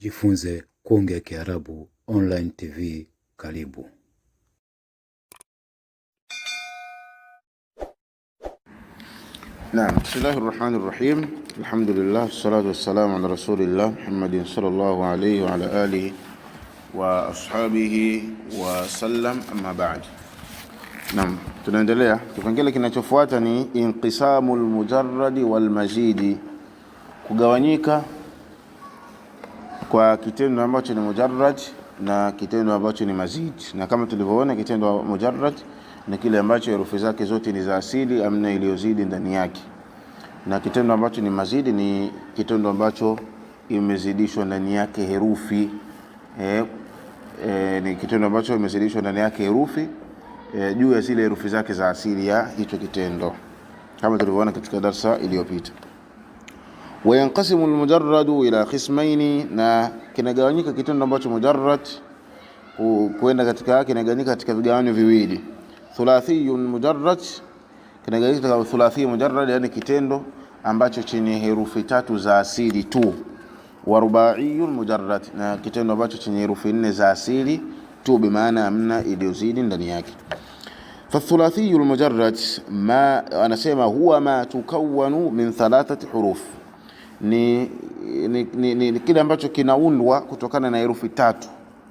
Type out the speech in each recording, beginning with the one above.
Jifunze kuongea Kiarabu Online TV karibu. Naam, bismillahir rahmanir rahim, alhamdulillah wassalatu wassalamu ala rasulillah Muhammadin sallallahu alayhi wa ala alihi wa ashabihi wa sallam, amma ba'd. Naam, tunaendelea. Kipengele kinachofuata ni inqisamul mujarradi wal mazidi, kugawanyika kwa kitendo ambacho ni mujarrad na kitendo ambacho ni mazid. Na kama tulivyoona, kitendo mujarrad ni kile ambacho herufi zake zote ni za asili, amna iliyozidi ndani yake, na kitendo ambacho ni mazidi ni kitendo ambacho imezidishwa ndani yake herufi eh, E, ni kitendo ambacho imezidishwa ndani yake herufi e, juu ya zile herufi zake za asili ya hicho kitendo, kama tulivyoona katika darsa iliyopita. Wayanqasimu almujarradu ila qismaini, na kinagawanyika kitendo ambacho mujarrad kwenda katika kinagawanyika katika vigawanyo viwili. Thulathiyun mujarrad kinagawanyika katika thulathi mujarrad, yani kitendo ambacho chenye herufi tatu za asili tu. Wa rubaiyun mujarrad, na kitendo ambacho chenye herufi nne za asili tu, bi maana amna iliyozidi ndani yake. Fathulathiyul mujarrad ma, anasema huwa ma tukawanu min thalathati ni, ni, ni, ni, ni kile ambacho kinaundwa kutokana na herufi tatu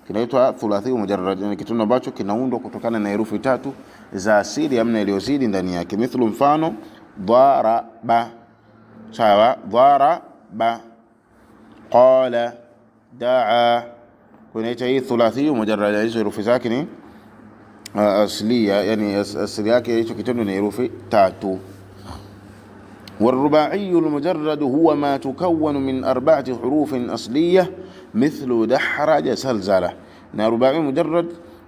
kinaitwa thulathi mujarrad, ni kitendo ambacho kinaundwa kutokana na herufi tatu za asili amna iliyozidi ndani yake. Mithlu, mfano dharaba, sawa, dharaba, qala, daa. Kunaita hii thulathi mujarrad, hizo herufi zake ni uh, aslia, yani asili yake hicho kitendo ni herufi tatu. والرباعي المجرد هو ما تكون من أربعة حروف أصلية مثل دحرج زلزلة na rubai mujarrad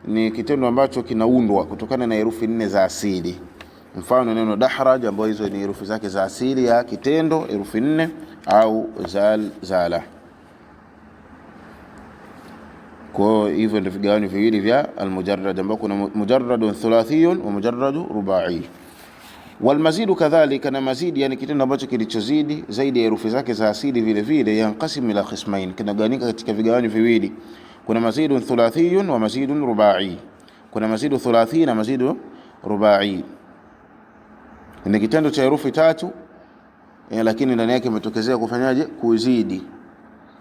ni kitendo ambacho kinaundwa kutokana na herufi nne za asili. Mfano neno dahraj, ambayo hizo ni herufi zake za asili ya kitendo herufi nne, au zalzala. Kwa hivyo ndio vigawanyo viwili vya almujarrad, ambao kuna mujarradun thulathiyun wa mujarradu rubai. Walmazidu kadhalika, na mazidi yani kitendo ambacho kilichozidi zaidi ya herufi zake za asili, vile vile yanqasimu ila qismain, kinagawanyika katika vigawanyo viwili. Kuna mazidu thulathiyun wa mazidu rubai, kuna mazidu thulathi na mazidu rubai. Ni kitendo cha herufi tatu ya, eh, lakini ndani yake imetokezea kufanyaje? Kuzidi,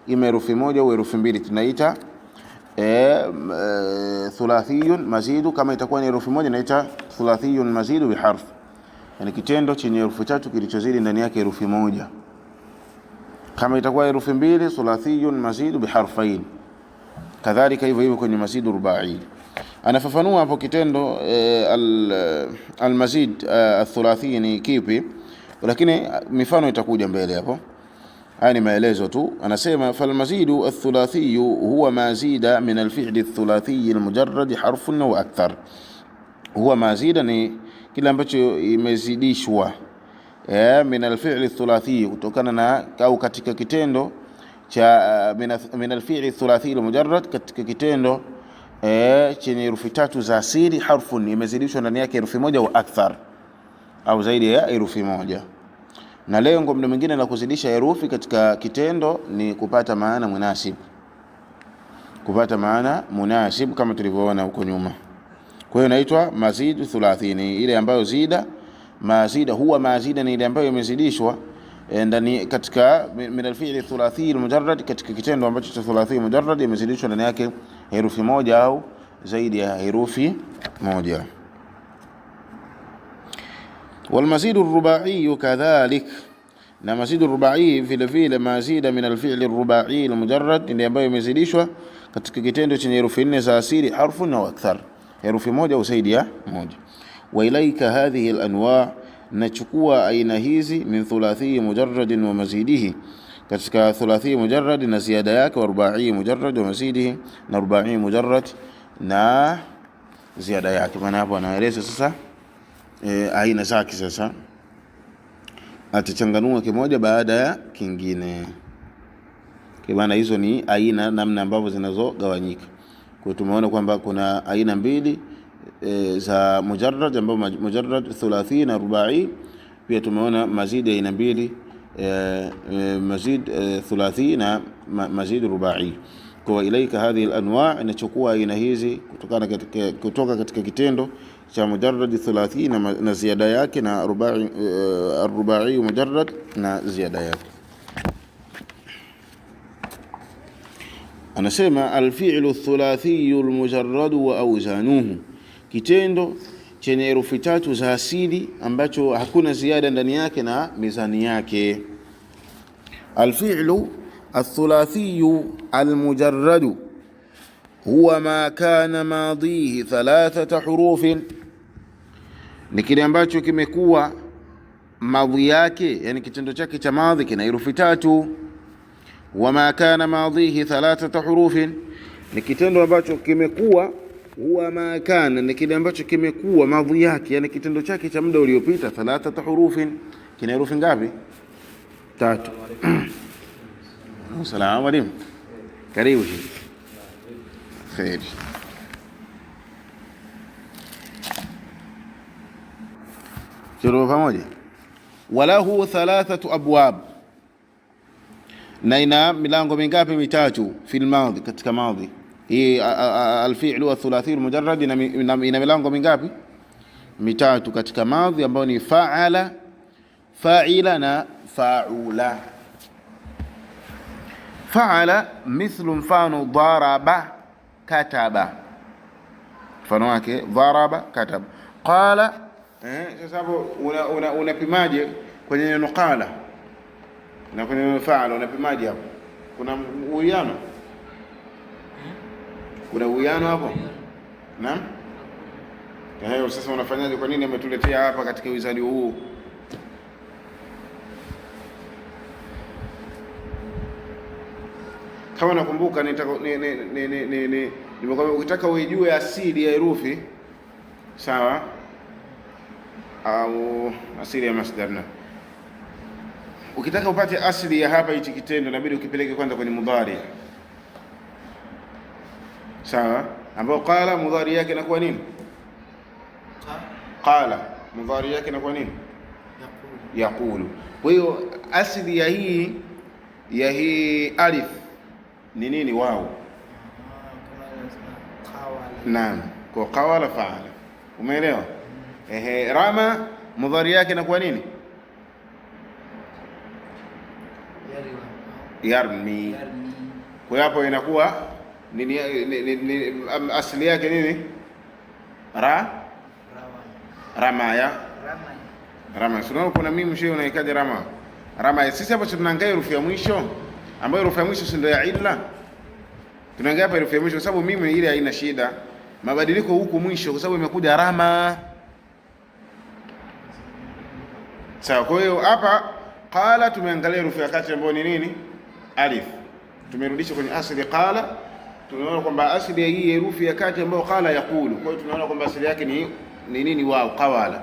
ima herufi moja au herufi mbili, tunaita E, e, thulathiyun mazidu. Kama itakuwa ni herufi moja naita thulathiyun mazidu biharf yani kitendo chenye herufi tatu kilichozidi ndani yake herufi moja. Kama itakuwa herufi mbili, thulathiyun mazidu biharfain, kadhalika hivyo hivyo kwenye mazidu rubai. Anafafanua hapo kitendo e, al, al mazid e, athulathi ni kipi, lakini mifano itakuja mbele hapo. Haya ni maelezo tu. Anasema fal mazidu althulathiyu huwa ma zida min alfili althulathiyi almujarrad harfun wa akthar, huwa mazida zida ni kile ambacho imezidishwa yeah, min alfi'li thulathi, kutokana na au katika kitendo cha eh, min alfi'li thulathi almujarrad, katika kitendo eh, chenye herufi tatu za asili, harfun, imezidishwa ndani yake herufi moja au akthar, au zaidi ya herufi moja. Na lengo mda mwingine la kuzidisha herufi katika kitendo ni kupata maana munasib, kupata maana munasib kama tulivyoona huko nyuma. Kwa hiyo inaitwa mazidu thulathini, ile ambayo zida mazida huwa mazida ni ile ambayo imezidishwa e, ndani katika min alfi'li thulathi almujarrad, katika kitendo ambacho cha thulathi mujarrad imezidishwa ndani yake herufi moja au zaidi ya herufi moja. Wal Walmazidu rubai kadhalik, na mazidu rubai vile vile mazida min alfi'li rubai almujarrad, ile ambayo imezidishwa katika kitendo chenye herufi nne za asili harfu na akthar herufi moja husaidia moja. Wa ilaika hadhihi alanwa, nachukua aina hizi min thulathi mujarrad wa mazidihi, katika thulathi mujarrad na ziada yake, wa rubai mujarrad wa mazidihi, na rubai mujarrad na ziada yake. Maana hapo anaeleza sasa e, aina zake sasa atachanganua kimoja baada ya kingine. Kwa maana hizo ni aina, namna ambavyo zinazogawanyika. Kwa tumeona kwamba kuna aina mbili e, za mujarrad ambao mujarrad thulathi na rubai. Pia tumeona mazidi aina mbili e, e, mazid e, thulathi na ma, mazid rubai. Kwa ilaika hadhihi alanwa, inachukua aina hizi kutoka katika, kutoka katika kitendo cha mujarrad thulathi na, na ziada yake na rubai, e, rubai mujarrad na ziada yake. Anasema alfi'lu thulathiyu almujarradu wa auzanuhu kitendo chenye herufi tatu za asili ambacho hakuna ziada ndani yake na mizani yake. Alfi'lu althulathiyu almujaradu huwa ma kana madihi thalathata hurufin, ni kile ambacho kimekuwa madhi yake, yani kitendo chake cha madhi kina herufi tatu wama kana madhihi thalathata hurufin, ni kitendo ambacho kimekuwa. huwa ma kana ni kile ambacho kimekuwa madhi yake, yani kitendo chake cha muda uliopita. Thalathata hurufin, kina herufi ngapi? Tatu. Salamu alaykum, karibu kheri. Tuko pamoja. Walahu thalathatu abwab na ina milango mingapi? Mitatu. Fil madhi, katika madhi hii alfi'lu athulathi almujarrad ina milango mingapi? Mitatu katika madhi ambayo ni faala, faila na faula. Faala mithlu, mfano daraba, kataba, mfano wake daraba, kataba. Qala, eh, sababu unapimaje kwenye neno qala na kwenye mafala unapemaje hapo? Kuna uwiano, kuna uwiano hapo. na Hayo eh, sasa unafanyaje? Kwa nini ametuletea hapa katika wizani huu? Kama nakumbuka nimekwambia, ukitaka uijue asili ya herufi sawa, au asili ya masdar Ukitaka upate asili ya hapa hichi kitendo inabidi ukipeleke kwanza kwenye mudhari, sawa? Ambao qala mudhari yake inakuwa nini? Qala mudhari yake inakuwa nini? Yaqulu. Kwa hiyo asili ya hii ya hii alif ni nini? Wao. Naam, kwa qawala faala. Umeelewa? Mm. Ehe, rama mudhari yake inakuwa nini? yarmi. Kwa hiyo hapo inakuwa nini, nini, nini, asili yake nini? ra ramaya rama Sio kuna mimi mshe unaikaje rama rama. Sisi hapo tunaangalia herufi ya mwisho ambayo herufi ya mwisho si ndio ya illa. Tunaangalia hapa herufi ya mwisho kwa sababu mimi ile haina shida mabadiliko huku mwisho kwa sababu imekuja rama. Sawa, kwa hiyo hapa qala tumeangalia herufi ya kati ambayo ni nini? alif. Tumerudisha kwenye asili qala, tunaona kwamba asili ya hii herufi ya kati ambayo qala yaqulu, kwa hiyo tunaona kwamba asili yake ni ni nini? Wao qawala.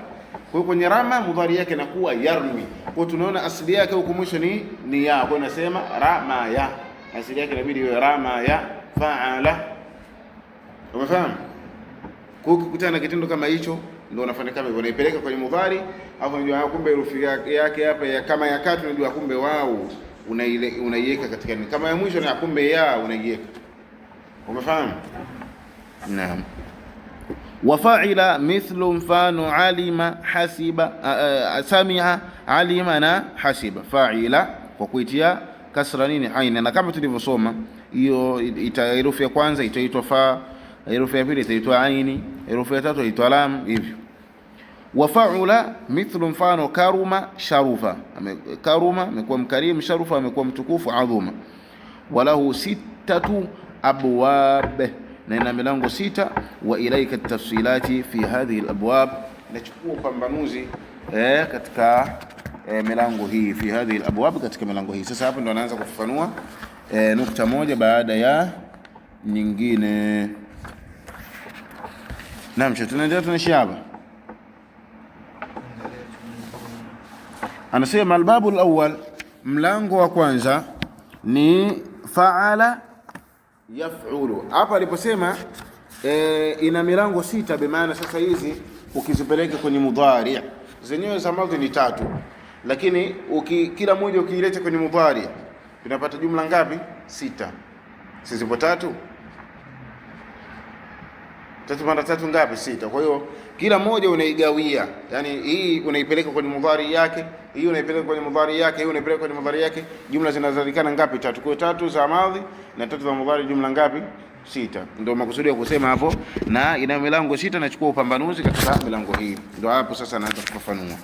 Kwa hiyo kwenye rama mudhari yake inakuwa yarmi, kwa hiyo tunaona asili yake huko mwisho ni ni ya, kwa inasema rama ya, asili yake inabidi iwe rama ya faala. Umefahamu? Kwa hiyo ukikutana na kitendo kama hicho ndio unafanya kama hivyo, unaipeleka kwenye mudhari, afu unajua kumbe herufi yake hapa ya kama ya kati, unajua kumbe wao unaiweka katika kama ya mwisho, ni akumbe ya unaiweka. Umefahamu? Naam. Wafaila mithlu mfano alima hasiba, samia alima na hasiba. Faila kwa kuitia kasra nini aina, na kama tulivyosoma hiyo, herufi ya kwanza itaitwa fa, herufi ya pili itaitwa aini, herufi ya tatu itaitwa lam, hivyo wa faula mithlu, mfano karuma, sharufa. Karuma amekuwa mkarimu, sharufa amekuwa mtukufu, adhuma. Walahu sittatu abwab, na ina milango sita. Wa ilaika tafsilati fi hadhihi alabwab, nachukua upambanuzi eh, katika eh, milango hii, fi hadhihi alabwab, katika milango hii. Sasa hapo ndo anaanza kufafanua eh, nukta moja baada ya nyingine. Naam, tunaendelea, tunaishia hapa. Anasema albabu alawwal, mlango wa kwanza ni faala yafulu. Hapa aliposema e, ina milango sita, bi maana sasa hizi ukizipeleka kwenye mudhari zenyewe za madhi ni tatu, lakini uki, kila moja ukiileta kwenye mudhari tunapata jumla ngapi? Sita. Sizipo tatu, tatu mara tatu ngapi? Sita. Kwa hiyo kila moja unaigawia, yani hii unaipeleka kwenye mudhari yake, hii unaipeleka kwenye mudhari yake, hii unaipeleka kwenye mudhari yake. Jumla zinazalikana ngapi? Tatu. Kwa tatu za madhi na tatu za mudhari, jumla ngapi? Sita. Ndio makusudi ya kusema hapo, na ina milango sita. Nachukua upambanuzi katika milango hii, ndio hapo sasa naanza kufafanua,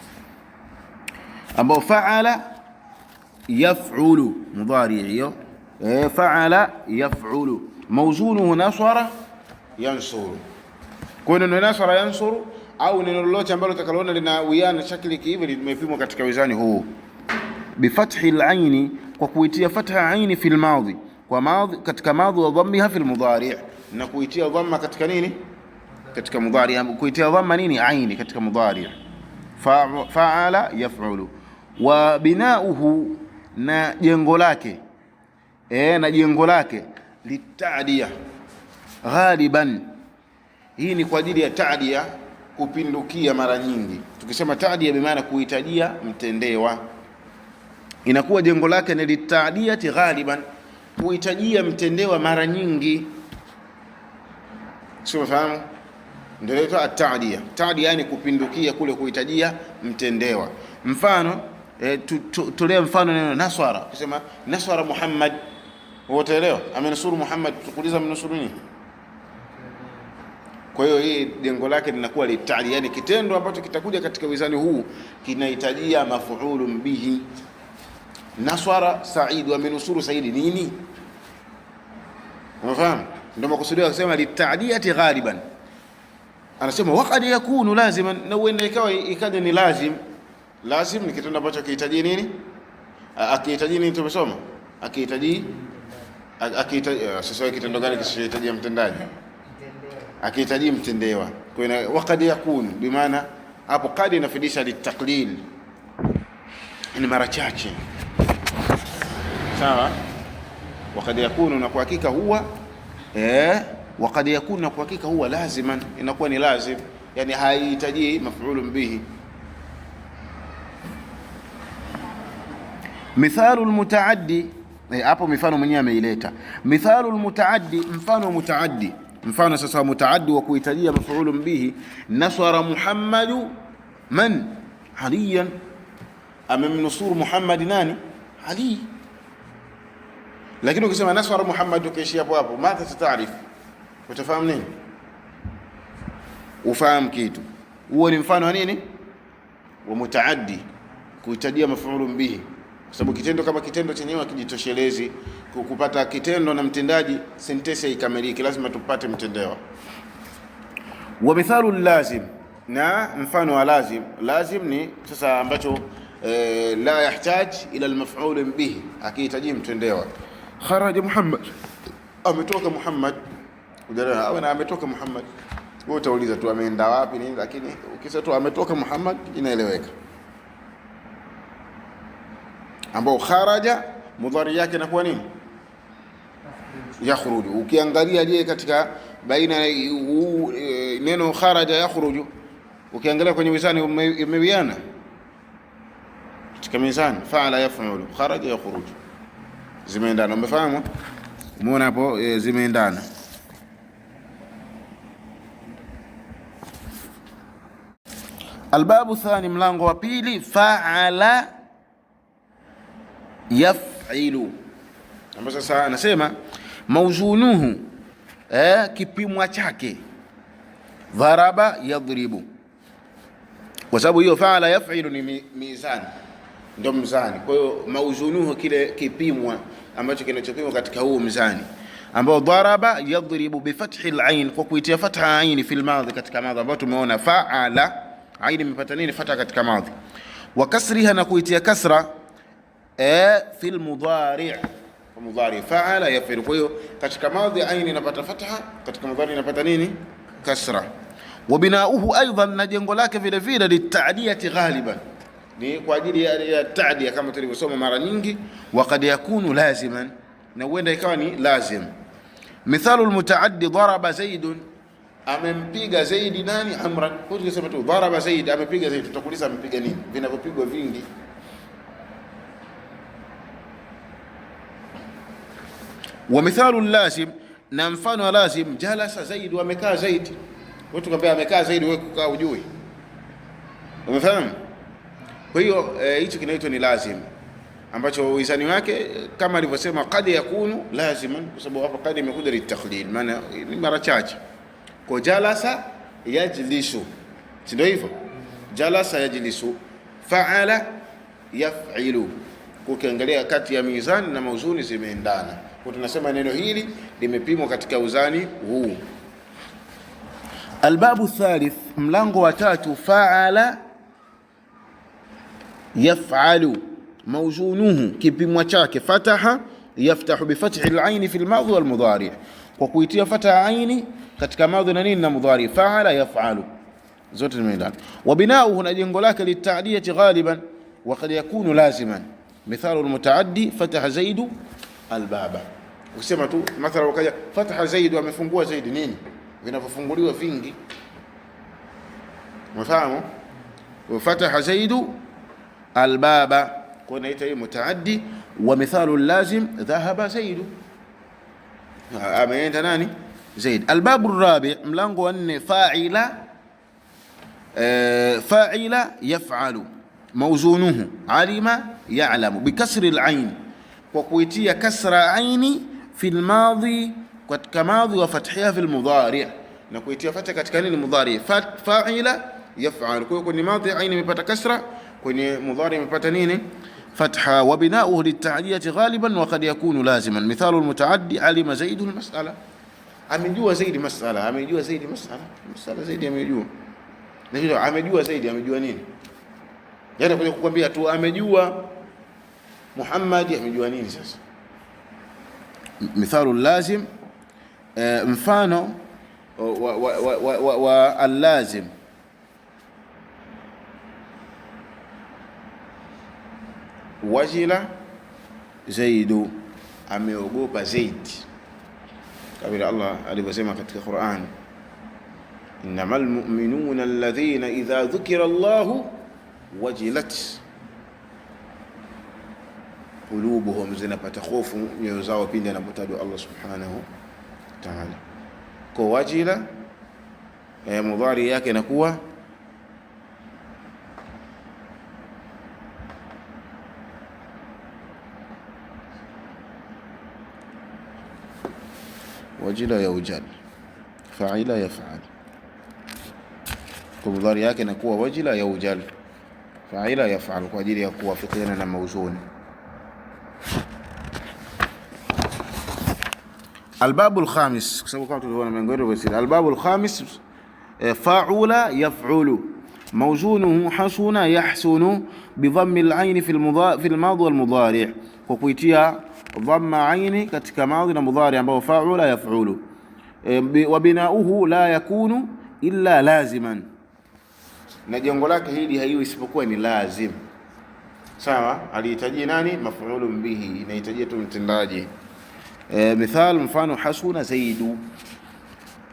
ambao faala yaf'ulu mudhari hiyo, eh, faala yaf'ulu mawzunuhu nasara yansuru kwa hiyo neno nasara yansuru au neno lolote ambalo utakaloona lina linawiana shakili kihivi limepimwa katika wizani huu bi fathi al-aini, kwa kuitia fatha aini fil madhi, kwa madhi katika madhi wa dhammiha fil mudhari, na kuitia dhamma katika nini? Katika mudhari, yaani kuitia dhamma nini? Aini katika mudhari. Faala yaf'ulu wa binauhu, na jengo lake e, na jengo lake litadia ghaliban hii ni kwa ajili ya taadia kupindukia mara nyingi. Tukisema taadia, bi maana kuhitajia mtendewa, inakuwa jengo lake ni litaadiati ghaliban, kuhitajia mtendewa mara nyingi. Sio mfahamu ndio inaitwa ataadia. Taadia yani kupindukia kule kuhitajia mtendewa. Mfano e, tolea mfano neno naswara, kusema naswara Muhammad, leo amenusuru Muhammad, tukuliza mnusuru nini kwa hiyo hii jengo lake linakuwa litali, yani kitendo ambacho kitakuja katika wizani huu kinahitajia mafuulu bihi. Naswara Saidi, amenusuru Saidi nini? Unafahamu, ndio makusudio akasema litaliati ghaliban, anasema waqad yakunu laziman, na uenda ikawa ikaja ni lazim. Lazim ni kitendo ambacho kihitaji nini? Akihitaji nini? Tumesoma akihitaji, akihitaji. Sasa kitendo gani kisichohitaji mtendaji? akihitaji mtendewa. Kwa wakad waqad yakunu bi maana hapo kadi inafidisha litaklil, ni mara chache sawa. wakad yakunu na kwa hakika huwa eh, wakad yakunu na kwa hakika huwa laziman, inakuwa ni lazim, yani haihitaji maf'ul bihi. Mithalu lmutaaddi eh, hapo, mifano mwenyewe ameileta. Mithalu lmutaaddi, mfano mutaaddi Mfano sasa mutaaddi wa kuhitajia mafulun bihi, nasara Muhammadu man aliyan, amemnusuru Muhammad nani? Ali. Lakini ukisema nasara Muhammad ukaishi hapo hapo, madha tataarifu, utafahamu nini? Ufahamu kitu huo ni mfano wa nini? Wa mutaaddi kuhitajia mafulun bihi, kwa sababu kitendo kama kitendo chenyewe akijitoshelezi kupata kitendo na mtendaji, sentensi haikamiliki, lazima tupate mtendewa. Wa mithalu lazim, na mfano wa lazim. Lazim ni sasa ambacho e, la yahtaj ila almaf'ul bihi, akihitaji mtendewa. Kharaja Muhammad, ametoka Muhammad, Udara, au na ametoka Muhammad, wewe utauliza tu ameenda wapi nini, lakini ukisa tu ametoka Muhammad inaeleweka, ambao kharaja mudhari yake inakuwa nini? yakhruju. Ukiangalia je katika baina u, e, neno kharaja yakhruju, ukiangalia kwenye mizani imewiana katika mizani, faala yafulu, kharaja yakhruju, zimeendana. Umefahamu? Umeona hapo e, zimeendana. Albabu thani, mlango wa pili, faala yafilu, ambapo sasa anasema mauzunuhu eh, kipimwa chake dharaba yadhribu, kwa sababu hiyo faala yafilu ni mizani, ndio mzani. Kwa hiyo mauzunuhu kile kipimwa ambacho kinachopimwa katika huu mzani ambao dharaba yadhribu bifathi lain kwa kuitia fatha aini fil madhi, katika madhi ambao tumeona faala aini imepata nini fatha katika madhi, wa kasriha na kuitia kasra eh, fil mudhari' mudhari faala yafilu. Kwa hiyo katika madhi aini inapata fatha, katika mudhari inapata nini? Kasra. wa binauhu aidan, na jengo lake vile vile, litadiyati ghaliban, ni kwa ajili ya tadia, kama tulivyosoma mara nyingi. wa kad yakunu laziman, na huenda ikawa ni lazim. Mithalu almutaaddi daraba zaidun, amempiga zaidi nani? Amran. Kwa hiyo tukisema tu daraba zaid, amepiga zaid, tutakuuliza amepiga nini? Vinavyopigwa vingi wa mithalu lazim, na mfano wa lazim, jalasa zaid, amekaa zaid. Watu kaambia amekaa zaid, wewe kukaa ujui, umefahamu? Kwa hiyo e, hicho e, kinaitwa ni lazim ambacho uizani wake kama alivyosema qad yakunu laziman, kwa sababu hapa qad imekuja litakhlil, maana ni mara chache. Kwa jalasa yajlisu, si ndio hivyo? Jalasa yajlisu, faala yafilu. Ukiangalia kati ya mizani na mauzuni zimeendana. Kwa tunasema neno hili limepimwa katika uzani huu. Albabu thalith, mlango wa tatu. Faala yafalu mauzunuhu, kipimwa chake fataha yaftahu bifathi laini fi lmadhi walmudhari, kwa kuitia fataha aini katika madhi na nini na mudhari. Faala yafalu zote zimeenda. Wa na jengo lake litadiyati ghaliban wa qad yakunu laziman. Mithalu almutaaddi fataha zaidu albaba Ukisema tu mathalan ukaja fataha Zaid, amefungua Zaid nini, vinavyofunguliwa vingi. Umefahamu? fataha Zaidu albaba, kwa naita hiyo mutaaddi wa mithalu lazim, dhahaba Zaidu, ameenda nani? Zaid. Albabu rabi, mlango wa nne, fa'ila eh, fa'ila yaf'alu mawzunuhu alima ya'lamu bikasri al kwa kuitia kasra aini fil madhi, katika madhi wa fathiha fil mudhari, na kuitia fatha katika nini? Mudhari. Fa'ila yaf'al, kwa kwenye madhi ain imepata kasra, kwenye mudhari imepata nini? Fatha. Wa bina'uhu litta'diyati ghaliban wa qad yakunu laziman, mithalu almutaaddi alima zaidun mas'ala, amejua zaidi mas'ala, amejua zaidi mas'ala, mas'ala zaidi amejua, lakini amejua zaidi amejua nini? Yaani kuja kukwambia tu amejua Muhammad amejua nini sasa مثال اللازم انفانو واللازم وجل زيد أميوغوبا زيد قبل الله عليه وسلم قد في القرآن إنما المؤمنون الذين إذا ذكر الله وجلت وجلت qulubuhum, zinapata hofu nyoyo zao pindi anapotajwa Allah subhanahu wa ta'ala. Kwa wajila eh, mudhari yake inakuwa wajila yaujal, faila fa'al. Kwa mudhari yake inakuwa wajila yaujal, faila fa'al, kwa ajili ya kuwafikiana na mauzuni Albabu alkhamis, kwa sababu kama tulivyoona mlango wetu wa albabu alkhamis, eh, faula yafulu mawzunuhu hasuna yahsunu bidhammi alaini fi almadhi walmudhari, mudari, kwa kuitia dhamma aini katika madhi na mudhari ambao faula yafulu. Eh, wa binauhu la yakunu illa laziman, na jengo lake hili haiwi isipokuwa ni lazim. Sawa, alihitaji nani? Mafulun bihi, inahitaji tu mtendaji E, mithal mfano hasuna zaidu,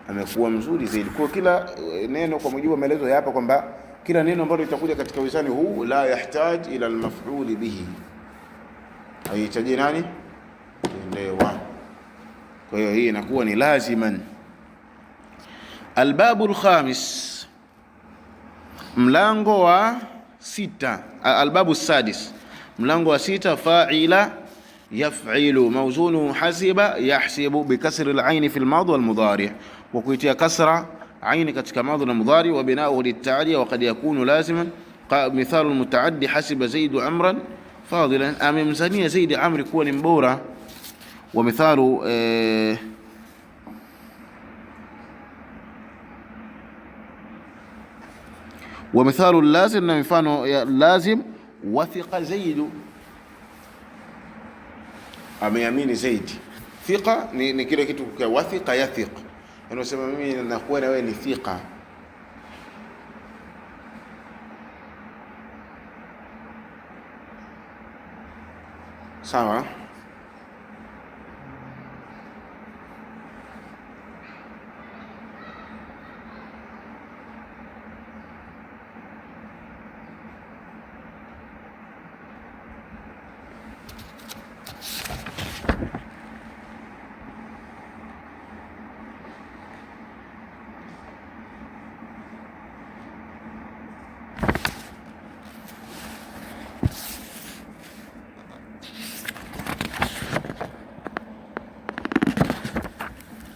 amekuwa mzuri zaidi. Kwa kila e, neno kwa mujibu wa maelezo hapa kwamba kila neno ambalo litakuja katika wizani huu la yahtaj ila almaf'ul bihi, haihitaji nani kutendewa. Kwa hiyo hii inakuwa ni laziman. Albabu alkhamis, mlango wa sita. Albabu sadis, mlango wa sita, fa'ila يفعل موزون حسب يحسب بكسر العين في الماض والمضارع وكويتيا كسر عين كتك ماض المضارع وبناؤه للتعدي وقد يكون لازما مثال المتعدي حسب زيد عمرا فاضلا amemsania زيد عمرو كون ni ومثال آه، ومثال اللازم نعم، لازم وثق زيد ameamini zaidi. Thiqa ni, ni kile kitu kwa wathiqa ya thiq. anasema yaani mimi nakuwa na wewe ni thiqa. Sawa. So,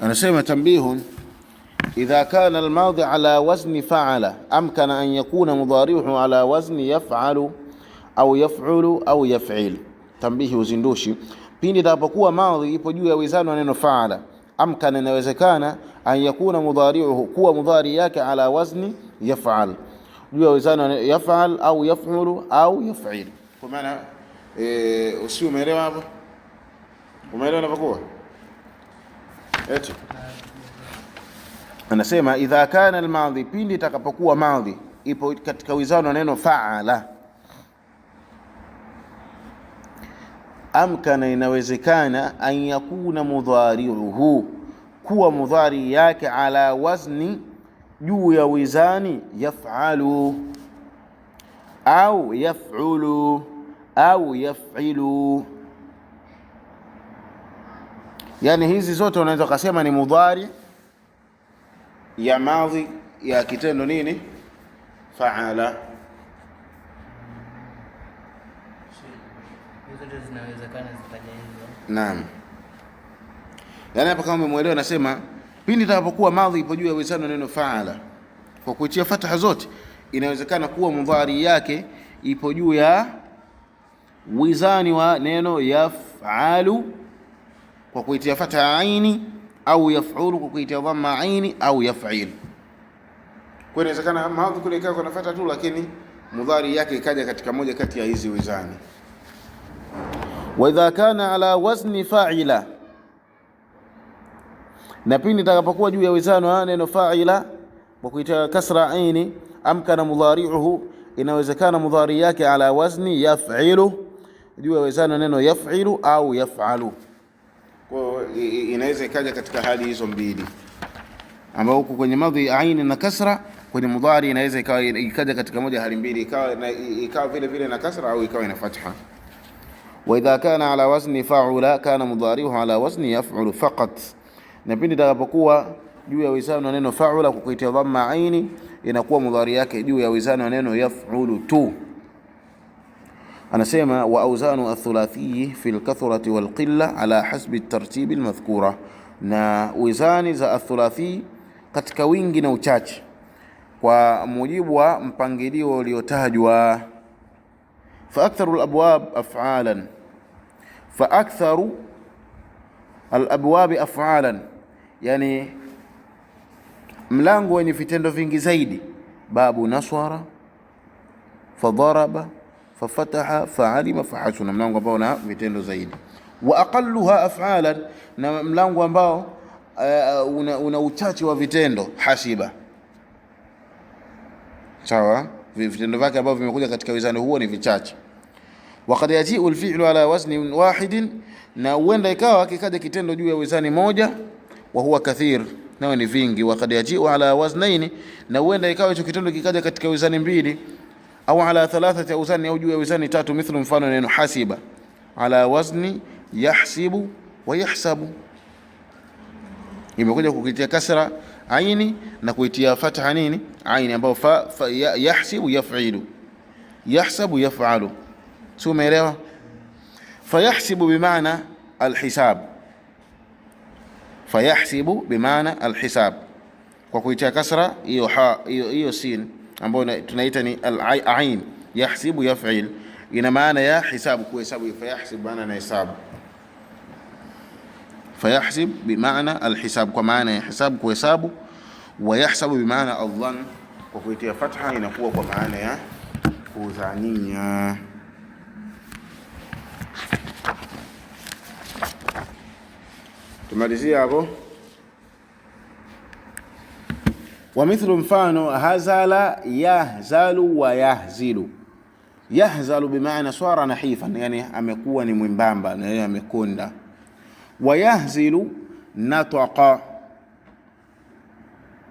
anasema tambihun idha kana almadhi ala wazni faala amkana an yakuna mudhariuhu ala wazni yafalu au yafulu au yafil. Tambihi, uzindushi pindi itakapokuwa madhi ipo juu ya wizani wa neno faala, amkana, inawezekana, an yakuna mudhariuhu, kuwa mudhari yake ala wazni yafal, juu ya wizani yafal au yafulu au yafil. Kwa maana eh, usio umeelewa hapo? Umeelewa napokuwa Eti anasema idha kana almadhi, pindi itakapokuwa madhi ipo katika wizano neno faala, amkana, inawezekana an yakuna mudhariuhu, kuwa mudhari yake ala wazni, juu ya wizani yafalu au yafulu au yafilu yani hizi zote unaweza kusema ni mudhari ya madhi ya kitendo nini faala. Naam, yaani hapa kama umemwelewa, nasema pindi itakapokuwa madhi ipo juu ya uwezano neno faala kwa kuitia fataha zote, inawezekana kuwa mudhari yake ipo juu ya wizani wa neno yafalu kwa kuitia fatha aini au yafulu kwa kuitia dhamma aini au yaf'il. Kwa hiyo inawezekana maadhi kule ikawa kuna fatha tu, lakini mudhari yake ikaja katika moja kati ya hizi wizani. Wa idha kana ala wazni fa'ila, na pindi itakapokuwa juu ya wizani wa neno fa'ila kwa kuitia kasra aini, amkana mudhari'uhu, inawezekana mudhari yake ala wazni yaf'ilu, juu ya wizani neno yaf'ilu au yaf'alu kwa inaweza ikaja katika hali hizo mbili, ambao huko kwenye madhi aini na kasra, kwenye mudhari inaweza ikaja katika moja hali mbili, ikawa ikawa vile vile na kasra au ikawa ina fatha. Wa idha kana ala wazni faula kana mudhariuhu ala wazni yaf'ulu faqat, na pindi itakapokuwa juu ya wizani wa neno faula kwa kuitia dhamma aini, inakuwa mudhari yake juu ya wizani wa neno yaf'ulu tu anasema wa auzanu athulathii fi lkathrati walqilla ala hasbi tartibi lmadhkura, na wizani za athulathi katika wingi na uchache kwa mujibu wa mpangilio uliotajwa. fa aktharu alabwab af'alan, fa aktharu alabwabi af'alan, yani mlango wenye vitendo vingi zaidi, babu naswara fadaraba fafataha faalima fahasuna, mlango ambao na vitendo zaidi. Wa aqalluha af'alan, na mlango ambao uh, una, una uchache wa vitendo hasiba, sawa. Vitendo vyake ambavyo vimekuja katika wizani huo ni vichache. Wa qad yajiu alfi'lu ala wazni wahidin, na huenda ikawa kikaja kitendo juu ya wizani moja, wa huwa kathir nao ni vingi. Wa qad yajiu ala waznaini, na huenda ikawa hicho kitendo kikaja katika wizani mbili au ala thalathati ya uzani au juu ya wizani tatu, mithlu mfano neno hasiba ala wazni yahsibu wa yahsabu, imekuja kukitia kasra aini na kuitia fatha nini aini, ambayo fa, fa, yahsibu yaf'ilu yahsabu yaf'alu, si umeelewa? Fayahsibu bimaana alhisab, fayahsibu bimaana alhisab, kwa kuitia kasra hiyo hiyo sin ambayo tunaita ni al-ain. Yahsibu yaf'il ina maana ya hisabu, kuhesabu. Fayahsib maana na hisabu, fayahsib bi maana al-hisab, kwa maana ya hisabu, kuhesabu. Wa yahsabu bi maana adhan, kwa kuitia fatha inakuwa kwa maana ya kudhania. Tumalizia hapo. ومثل فانو هزل يهزل ويهزل يهزل بمعنى صار نحيفا يعني امكوا ني ممبامبا يعني امكوندا ويهزل نطق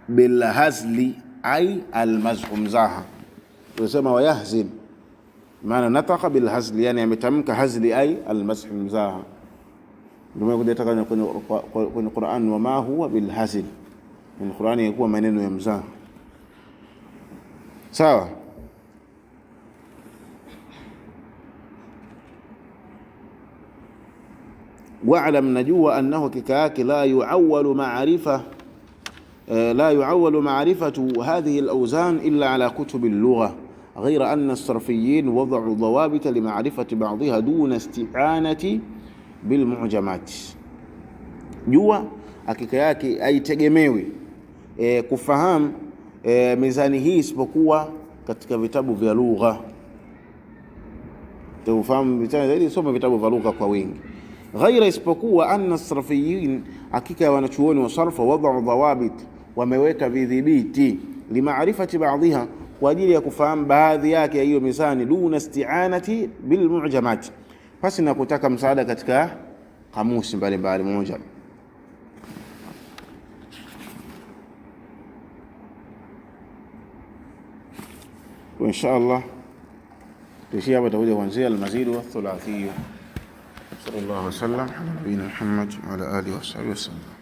بالهزل اي المزمزاها يسمى ويهزل بمعنى نطق بالهزل يعني امتمك هزل اي المزمزاها لما يقول يتقن القران وما هو بالهزل kwenye Qur'ani yalikuwa maneno ya mzaha. Sawa. Wa'lam, najua annahu hakika yake, la yu'awwalu ma'rifa la yu'awwalu ma'rifatu hadhihi al-awzan illa ala kutubi al-lugha غير أن الصرفيين وضعوا ضوابط لمعرفة بعضها دون استعانة بالمعجمات. Jua hakika yake aitegemewi e, kufahamu e, mizani hii isipokuwa katika vitabu vya lugha. Tufahamu zaidi, soma vitabu vya lugha kwa wingi. Ghaira, isipokuwa anna sarfiyin, hakika ya wanachuoni wa sarfa wadau dhawabit, wameweka vidhibiti limaarifati baadhiha, kwa ajili ya kufahamu baadhi yake ya hiyo mizani, duna isti'anati bilmu'jamat, pasi na kutaka msaada katika kamusi mbalimbali mujam وإن شاء الله الإجابة داودية ونزيع المزيد والثلاثية صلى الله وسلم على نبينا محمد وعلى آله وصحبه وسلم